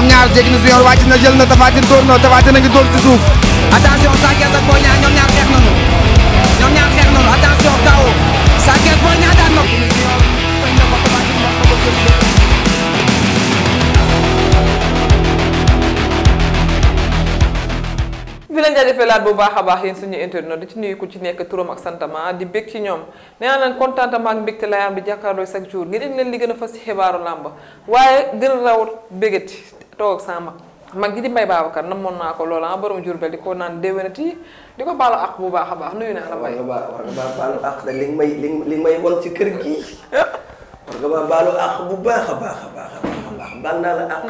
ñoom ñaar jéggi na si yoon wàcc na jël na Tapha Tine dóor na Tapha Tine a ngi dóor ci suuf attention Sa Thiès ak Boy Niang ñoom bu baax a baax yéen suñu internet di ci nuyu ku ci nekk turam ak santama ah, di bég ci ñoom nee naa leen contentement ak mbégte lay am di jàkkaarloo chaque jour ngeen indi leen li gën a fas ci xibaaru làmb waaye gën a rawat bégati toog ak sama mag mag gi di Mbaye Babacar namoon naa ko loola ah, borom Jurbel di ko naan déwénati di ko baalu àq bu baax a baax nuyu naa la Mbaye. war nga baa baalu àq de li nga may li nga may won ci kër gi war nga baa baalu àq bu baax a baax a baax a baax baal naa la àq.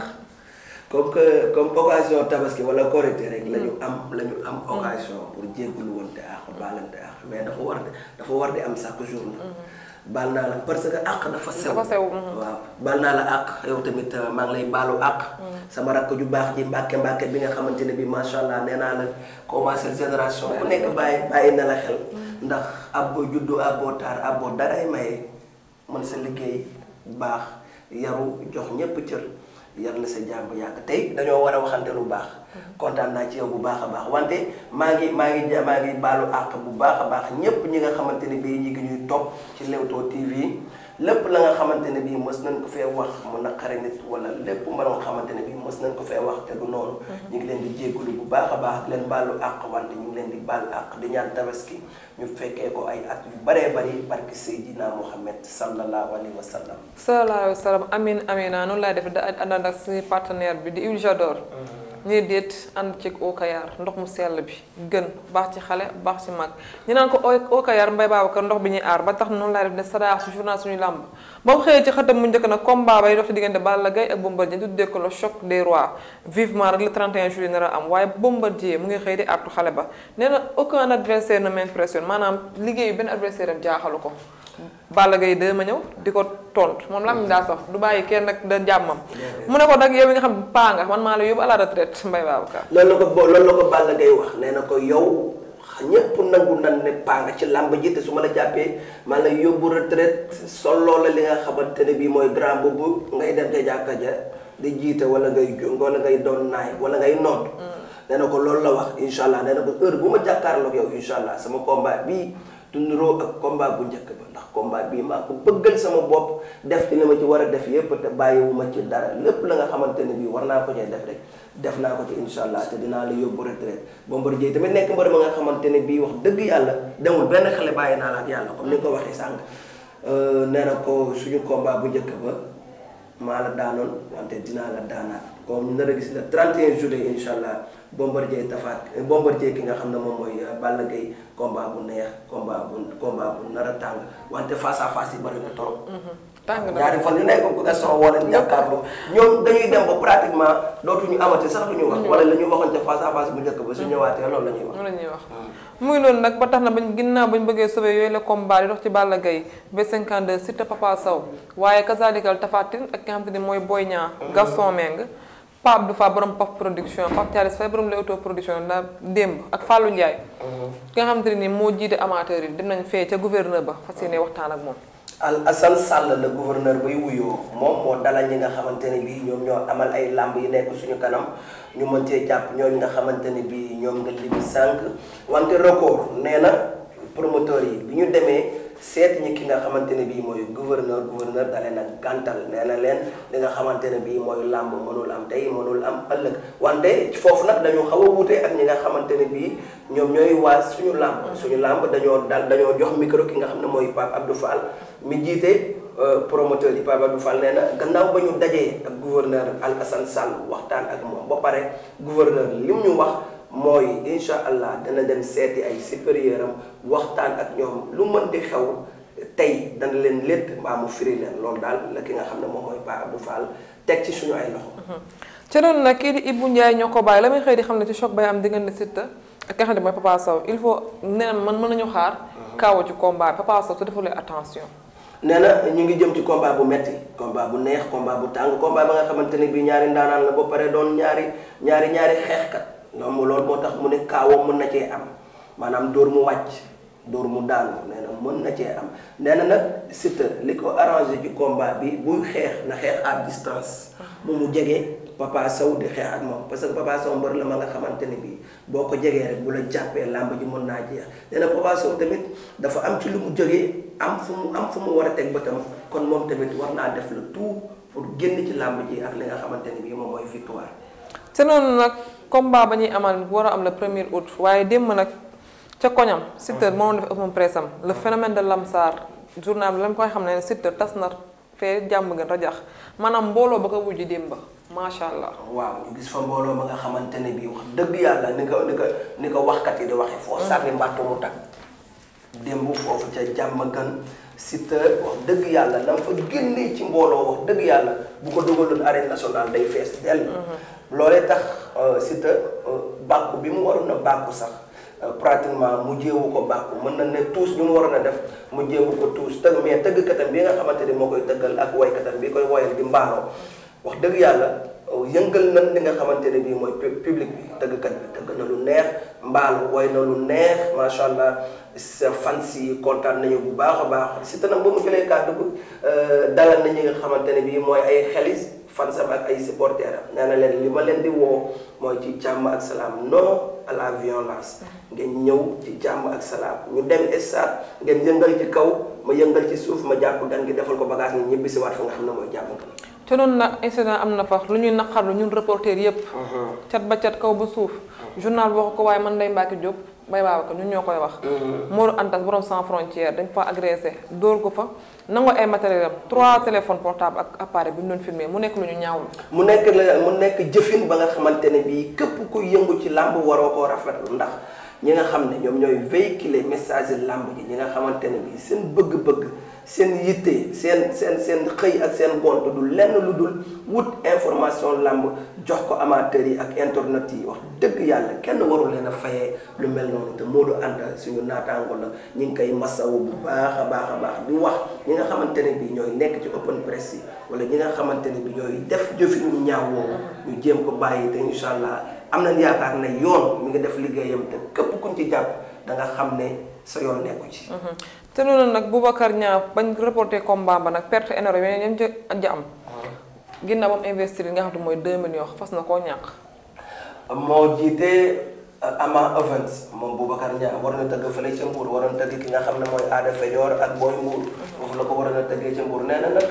comme que comme occasion tabaski wala korité rek la ñu am la ñu am occasion pour jéggulu woon te àq baalante àq mais dafa war dafa war di am chaque jour na mm-hmm. baal naa la parce que àq dafa sew. dafa sew mhm. waaw baal naa la àq yow tamit euh, maa lay baalu àq. Mhm. sama rakk ju baax ji mbàkke mbàkke bi nga xamante ne bii macha allah nee naa la commencé génération bu nekk bàyyi bàyyi na la xel. Mhm. ndax ab boo juddu ab boo taar ab boo maye man sa liggéey baax yaru jox ñépp cër yar na sa jàmb yàgg tey dañoo war a waxante lu baax. kontaan naa ci yow bu baax a baax wante maa ngi maa ngi maa ngi baalu àq bu baax a baax ñépp ñi nga xamante ne bii ñi ngi ñuy topp ci Leewtoo TV lépp la nga xamante ne bii mës nañ ko fee wax mu naqari nit wala lépp ma nga xamante ne bii mës nañ ko fee wax te du noonu mhm. ñu ngi leen di jéggalu bu baax a baax leen baalu àq wante ñu ngi leen di baal àq di ñaan tabaski ñu fekkee ko ay at yu baree bari barki Seydina Muhammad sallallahu alayhi wa sallam sallallahu alayhi wa sallam amin amin noonu laay def da ànd ak partenaire bi di huile j'adore mhm. ñu déet ànd ci Eau ndox mu sell bi gën baax ci xale baax ci mag ñu naan ko Eau Caillard mbay Babacar ndox bi ñuy aar ba tax noonu laay def ne sadaax ci journal suñu làmb ba mu xëyee ci xëtam mu njëkk nag combat bay dox ci diggante Balla Gaye ak Bombardier tuddee ko le choc des rois vivement rek le 31 juillet nar a am waaye Bombardier mu ngi xëy di artu xale ba nee na aucun adversaire ne m'impressionne maanaam liggéeyu benn adversaire am jaaxalu Balla Gaye 2 ma ñëw di ko tontu moom la am daa sox du bàyyi kenn nag da jàmmam. mu ne ko nag yow mi nga xam paa nga man maa la yóbbu à la retraite Mbaye Babacar. loolu la ko bo loolu la wax nee na ko yow ñëpp nangu nan ne paa nga ci làmb ji su ma la jàppee maa la yóbbu retraite solo la li nga xamante ne bii mooy grand boobu ngay dem ca jàkka ja di jiite wala ngay wala ngay doon naay wala ngay noot. Mm. nee na ko lool la wax incha allah nee na ko heure bu ma jàkkaarloog yow incha allah sama combat bii. du niroo ak combat bu njëkk ba ndax combat bii maa ko bëggal sama bopp def ci li ma ci war a def yépp te bàyyiwuma ci dara lépp la nga xamante ne bii war naa ko cee def rek def naa ko ci incha allah te dinaa la yóbbu retraite Bombardier tamit nekk mbër ma nga xamante ne bii wax dëgg yàlla demul benn xale bàyyi naa la ak yàlla comme ni ko waxee sànq euh, nee na ko suñu combat bu njëkk ba maa la daanoon wante dinaa la daanaat kon ñu nar a gis le 31 juillet incha allah Bombardier Tapha Bombardier ki nga xam ne moom mooy euh, Balla Gaye combat bu neex combat bu combat bu nar a tàng wante face à face yi bëri na trop. Mhm. tàng na ñaari fan yu nekk bu Gaston woo leen jàkkaarloo ñoom dañuy dem ba pratiquement dootuñu amati sax lu wax. Mhm. wala la ñu ca face à bu njëkk ba su ñëwaatee loolu loolu la wax hmm. mu ngi nag ba tax na bañ ginnaaw bañ bëggee sauver yooyu la combat di dox ci Balla Gaye B52 Siteu Papa Sow waaye kasaalikal Tapha ak ki nga xam mooy Pape Abdou Fa borom Paf production Pape Thialis Faye borom Leewtoo production la démb ak Fallou Ndiaye. ki mhm. nga xamante ne nii moo jiite amateur yi dem nañ fee ca gouverneur ba fas yéene waxtaan ak moom. al Assane Sall la gouverneur bay wuyoo moom moo dalal ñi nga xamante ne bii ñoom ñoo amal ay làmb yi nekk suñu kanam ñu mën cee jàpp ñooñu nga xamante ne bii ñoom nga limi sànq wante record nee na promoteur yi bi ñu demee. seet ñi ki nga xamante ne bii mooy gouverneur gouverneur dalee na gàntal nee na leen li nga xamante ne bii mooy làmb mënul am tey mënul am ëllëg wante foofu nag dañu xaw a wuute ak ñi nga xamante ne bii ñoom ñooy waa suñu làmb suñu làmb dañoo dal dañoo jox micro ki nga xam ne mooy Pape Abdou Fall mi jiite euh, promoteur yi Pape Abdou Fall nee na gannaaw ba ñu dajee ak gouverneur Alassane Sall waxtaan ak moom ba pare gouverneur li mu ñu wax mooy incha allah dana dem seeti ay supérieur waxtaan ak ñoom lu mën di xew tey dana leen létt mbaa mu firi leen loolu daal la ki nga xam ne moom mooy Pa Abdou Fall teg ci suñu ay loxo. Mhm. ci noonu nag kii di Ibou Ndiaye ñoo ko bàyyi la muy xëy di xam ne ci choc bay am diggante Siteu ak ki nga xam ne mooy Papa il faut nee na man mën nañu xaar. Mhm. kaw ci combat Papa Sow te defulee attention. nee na ñu ngi jëm ci combat bu metti combat bu neex combat bu tàng combat ba nga xamante ne bii ñaari ndaanaan la ba pare doon ñaari ñaari ñaari xeexkat. noonu loolu moo tax mu ne kaawoo mën na cee am maanaam dóor mu wàcc dóor mu daanu nee na mën na cee am nee na nag Siteu li ko arrangé ci combat bi bu xeex na xeex à distance bu mu jege Papa Sow di xeex ak moom parce que Papa Sow mbër la ma nga xamante ne bii boo ko jegee rek bu la jàppee làmb ji mën naa jeex nee na Papa Sow tamit dafa am ci lu mu jógee am fu mu am fu mu war a teg bëtam kon moom tamit war naa def le tout pour génn ci làmb ji ak li nga xamante ne bii moom mooy victoire combat ba ñuy amal war a am la premier août waaye démb nag ca koñam Siteu moom doon def ëppam pressam le mhm. phénomène de Lamsar journal bi lañ koy xam ne Siteu tas na fee jàmm gën rajax maanaam mbooloo ba ko wujj démb ba macha allah. waaw gis fa mbooloo ba nga xamante ne bii wax dëgg yàlla ni ko ni ko ni ko waxkat yi di waxee. foo mhm. sànni mbàttu mu tag démb foofu ca jàmm gën. Siteu wax dëgg yàlla la fa génnee ci mbooloo wax dëgg yàlla bu ko dogaloon arène nationale day fees dell. Mhm. loolee tax euh, Siteu euh, bàkku bi mu waroon a bàkku sax euh, pratiquement mu jéewu ko bàkku mën na ne tuus ñu mu waroon a def mu jéewu ko tuus tëgg mais tëggkatam bi nga xamante ni moo koy tëggal ak woykatam bi koy woyal di mbaaroo wax dëgg yàlla yëngal nan li nga xamante ne bii mooy public bi tëggkat bi tëgg na lu neex. mbaalu woy na lu neex macha allah sa fan si kontaan nañu bu baax a baax si tanam ba mu jëlee kàddu ko euh, dalal nañu nga xamante ne bii mooy ay xelis fansam ak ay supporters am na leen li ma leen di woo mooy ci jàmm ak salaam non à la violence ngeen ñëw ci jàmm ak salaam ñu dem stade ngeen yëngal ci kaw ma yëngal ci suuf ma jàpp gan gi defal ko bagage ni ñibbi si waat fa nga xam ne mooy jàmm te noonu nag incident am na fa lu ñuy naqarlu ñun reporter yëpp mhm. cat ba kaw ba suuf journal boo ko waaye man lay Ndeye Mbacke Diop Mbaye Babacar ñun ñoo koy wax. moo mm-hmm. Mor Antas borom sans frontière dañ fa agressé dóor ko fa nangoo ay matériel am trois téléphones portables ak appareil bi ñu doon filmé mu nekk lu ñu ñaawlu. mu nekk la mu nekk jëfin ba nga xamante ne bii képp kuy yëngu ci làmb waroo koo rafetlu ndax ñi nga xam ne ñoom ñooy kile message làmb ji ñi nga xamante ne bii seen bëgg-bëgg. seen yitte seen seen seen xëy ak seen gont du lenn lu dul wut information làmb jox ko amateurs yi ak internet yi wax dëgg yàlla kenn warul leen a fayee lu mel noonu te Modou Anta suñu naataango la ñu ngi koy masawu bu baax a baax a baax di wax ñi nga xamante ne bi ñooy nekk ci open press yi wala ñi nga xamante ne bi ñooy def jëfin ñu ñaaw ñu jéem ko bàyyi te incha allah am nañ yaakaar ne yoon mi ngi def liggéeyam te képp kuñ ci jàpp da xam ne sa yoon nekku ci mm-hmm. te noonu nag Boubacar ñaam bañ reporté combat ba nag perte énorme yeneen yéen ca ja am. ginnaaw ba mu investir nga xam ne mooy 2 millions fas na koo ñàkk. moo jiite euh, Ama Events moom Boubacar Niang war na tëgg fële ca Mbour war ki nga xam ne mooy Ada Fayor ak Boy Mbour. Mhm. la ko war na tëggee ca na nag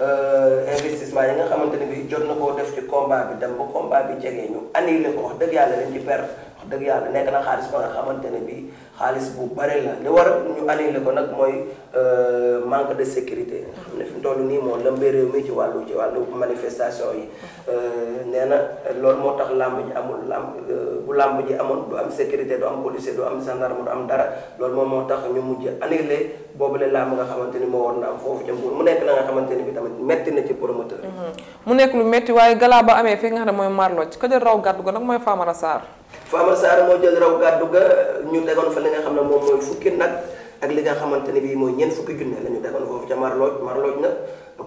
euh, investissement yi nga xamante ne bi jot na koo def ci combat bi dem ba combat bi jege ñu annulé ko wax dëgg yàlla dañ ci perte. dëgg yàlla nekk na xaalis ba nga xamante ne bii xaalis bu bare la li war ñu annulé ko nag mooy euh, manque de sécurité mm-hmm. xam ne fi mu toll nii moo lëmbee réew mi wàllu ci yi mm-hmm. euh, nee na loolu moo tax làmb ji amul làmb euh, am sécurité du am policier du am gendarme du am dara loolu moom moo tax ñu mujj annulé boobule làmb nga xamante ni moo war na am foofu ca Mbuur mu nekk la nga xamante ni bi tamit metti na ci promoteur mm-hmm. mu nekk lu metti raw gàddu ko nag mooy Famara Sarr Famara Sarr moo jël raw gàddu ga ñu tegoon fa li nga xam ne moom mooy fukki nag ak li nga xamante ne bii mooy ñeent fukki junne la ñu tegoon foofu ca Marlooj Marlooj nag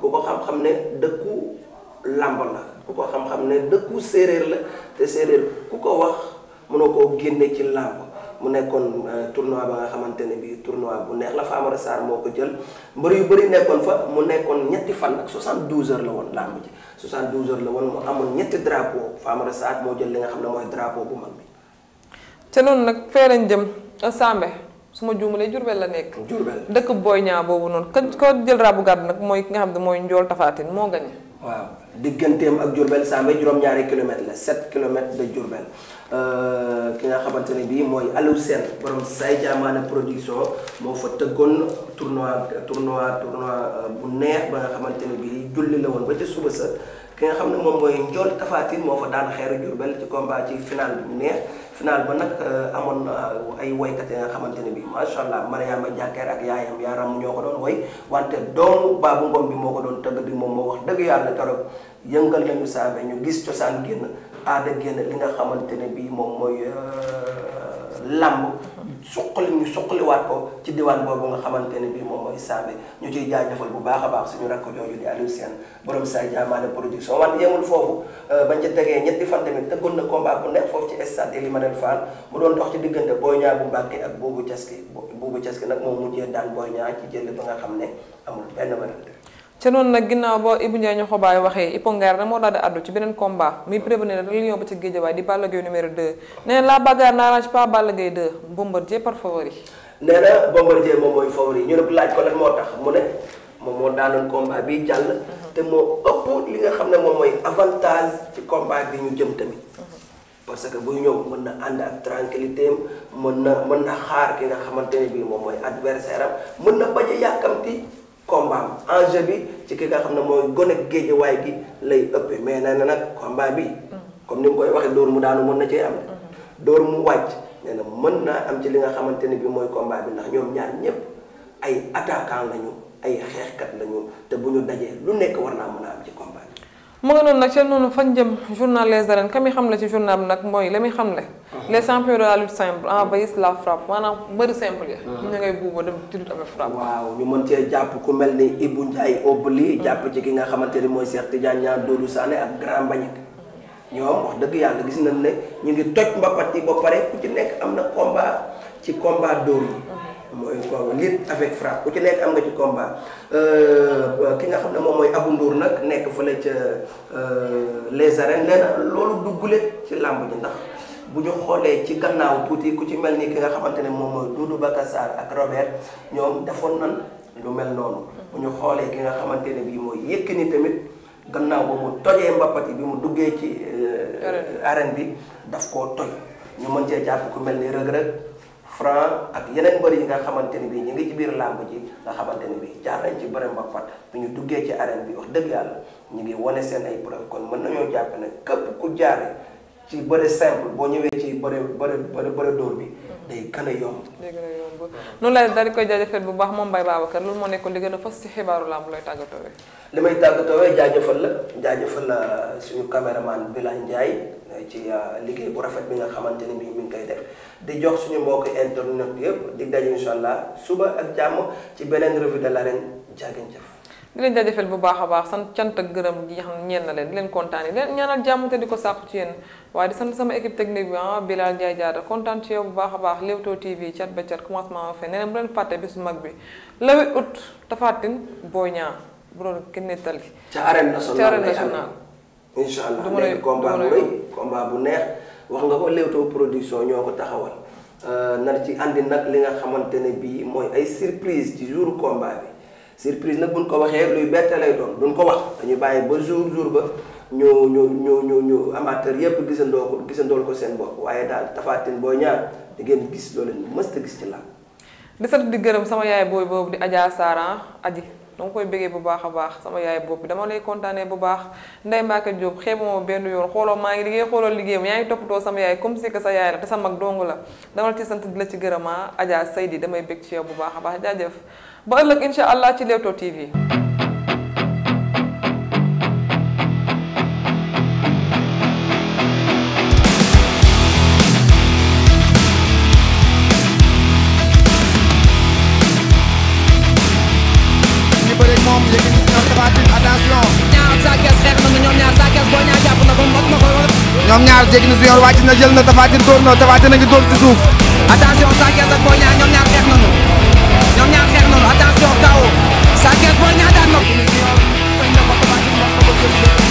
ku ko xam-xam ne dëkku làmb la ku ko xam-xam ne dëkku séeréer la te séeréer ku ko wax mënoo koo génne ci làmb mu nekkoon euh, tournoi ba nga xamante ne bii tournoi bu neex la Famara Sarr moo ko jël mbër yu bëri nekkoon fa mu nekkoon ñetti fan ak 72 heures la woon làmb ji 72 heures la woon mu amoon ñetti drapeau Famara Sarr moo jël li nga xam ne mooy drapeau bu mag bi. te noonu nag fee lañ jëm Sambe su ma juumalee Jurbel la nekk. Jurbel dëkk Boy Niang boobu noonu ko jël rabu gàdd nag mooy ki nga xam ne mooy Njool Tafatin moo gañe waaw digganteem ak Diourbel Sambé juróom-ñaari kilomètres la 7 kilomètres de Diourbel euh, ki nga xamante ne bii mooy Aliou Sène borom say jaamaana production moo fa tëggoon tournoi tournoi tournoi euh, bu neex ba nga xamante ne bii julli la woon ba ca suba sa. ki nga xam ne moom mooy njool tafaatin moo fa daan xeeru Jurbel ci combat ci final bi neex final ba nag euh, amoon euh, ay woykat yi nga xamante ne bii macha allah Mariama Jàkkeer ak yaayam yaaram ñoo ko doon woy wante doomu Baabu Ngom bi moo ko doon tëgg bi moom moo wax dëgg yàlla torop yëngal nañu saabe ñu gis cosaan génn aada génn li nga xamante ne bii moom mooy euh, làmb suqali ñu suqaliwaat ko ci diwaan boobu nga xamante ne bii moom mooy Sambé ñu ciy jaajëfal bu baax a baax suñu rakk jooju di Aliou Sène borom saa jaamaane production wante yemul foofu euh, bañ ca tegee ñetti fan tamit tëggoon na combat bu nekk foofu ci stade Ely Manel Fall mu doon dox ci diggante Boy ñaar bu Mbacké ak Boubou Thiaski Boubou Thiaski nag moom mujjee daan Boy ñaar ci jël ba nga xam ne amul benn werante ce noonu nag ginnaaw ba Ibou Ndiaye ñoo ko bàyyi waxee Ipo Nguer na moo daal di àddu ci beneen combat muy prévenir rek lion ba ci Guédiawaye di Balla Gaye numéro 2 nee na la bagarre n'arrange pas Balla Gaye 2 Bombardier par favori. nee na moom mooy favori ñu ne laaj ko lan moo tax mu ne moom moo daanoon combat bi jàll. Mhm. te moo li nga xam ne moom mooy avantage ci combat bi ñu jëm tamit. Mhm. parce que buy ñëw mën na ànd ak tranquillité am mën na mën na xaar ki nga xamante ne bii moom mooy adversaire mën na combat enjeu bi ci ki nga xam ne mooy gone waaye gi lay ëpp mais nee na nag combat bi comme ni mu koy waxee dóor mu daanu mën na cee am dóor mu wàcc nee na mën naa am ci li nga xamante ne bi mooy combat bi ndax ñoom ñaar ñëpp ay attaquant lañu ay xeexkat lañu te bu ñu dajee lu nekk war naa mën a am ci combat mu nga noonu nag ca noonu fan jëm journal Les Arènes ka mi xam la ci journal bi nag mooy la muy xam le ah. les champions de la lutte simple envahissent la frappe maanaam mbëri simple ya ah. ñu ngay buuba dem ci lutte avec frappe waaw ñu mën cee jàpp ku mel ni ibu ay Obli ah. jàpp ci ki nga xamante ni mooy Cheikh Tidiane Niang Doudou Sané ak Grand Mbagnick ñoom wax dëgg yàlla gis nañ ne ñu ngi toj mbapat yi ba pare ku ci nekk am na combat ci combat dóor yi mooy lutte avec frappe ku ci nekk am nga ci combat euh, ki nga xam ne moom mooy Abou Ndour nag nekk fële ca euh, les arènes loolu duggule ci làmb ji ndax bu ñu xoolee ci gannaaw tuuti ku ci mel ni ki nga xamante ne moom mooy Doudou Bakassar ak Robert ñoom defoon nan lu mel noonu. bu ñu xoolee ki nga xamante ne bii mooy Yékini tamit gannaaw ba mu tojee mbappat yi bi mu duggee ci. Euh, arène bi daf koo toj. ñu mën cee jàpp ku mel ni Reug Reug Franc ak yeneen mbër yi nga xamante ni bii ñu ngi ci biir làmb ji nga xamante ni bii jaar nañ ci bëre mbappat bi ñu duggee ci arène bi wax dëgg yàlla ñu ngi wane seen ay preuve kon mën nañoo jàpp ne képp ku jaare ci bëre simple boo ñëwee ci bëre bëre bëre dóor bi day gën a yomb. day gën a yomb noonu la daal koy jaajëfal bu baax moom Mbaye Babacar loolu moo nekkoon li gën a fas ci xibaaru làmb looy tàggatoo li may tàggatoo jaajëfal la jaajëfal la suñu caméraman Bilal Ndiaye eh, ci eh, liggéey bu rafet bi nga xamante ni bii mi koy def di jox suñu mbokk internet yëpp di daje incha allah suba ak jàmm ci beneen revue de l'arène jaa ngeen di leen jaajëfal bu baax a baax sant cant ak gërëm gi ñeen na leen di leen kontaane leen ñaanal jàmm te di ko sàkku ci yéen waaye di sant sama équipe technique bi ah Bilal Ndiaye Diatta kontaan ci yow bu baax a baax Leewtoo TV cat ba cat commencement fe nee na bu leen fàtte bis mag bi le 8 août Tafatine Boy Niang bu doon kenn nettali ca arène nationale ca arène allah duma lay combat bu rëy combat bu neex wax nga ko Leewtoo production ñoo ko taxawal euh, nar ci àndi nag li nga xamante ne bii mooy ay surprise ci jour combat bi surprise nag buñ ko waxee luy bette lay doon duñ ko wax dañuy bàyyi ba jour jour ba ñu ñu ñu ñu ñu amateur yëpp gisandoo ko gisandool ko seen bopp waaye daal Tapha Tine Boy Niang di ngeen gis loolu leen mësta gis ci làmb di sant di gërëm sama yaay booy boobu di Adja Sara aji danga koy bëggee bu baax a baax sama yaay bopp bi dama lay kontaanee bu baax Ndeye Mbacke Diop xeebu ma benn yoon xooloo maa ngi liggéey xooloo liggéeyam yaa ngi toppatoo sama yaay comme si que sa yaay la te sa mag dong la dama la ci di la ci gërëmaa ah, Adja Seydi damay bëgg ci yow bu baax a baax jaajëf ba ëllëg incha allah ci Leewtoo TV Taphatine attention. ñaar Sa Thiès xeex nañu ñoom ñaar Sa Thiès na ko mot na ko ñoom ñaar jël na Taphatine dóor na Taphatine ngi dóor ci suuf. attention Sa Thiès ak ñoom ñaar xeex nañu ñoom ñaar xeex nañu attention kaw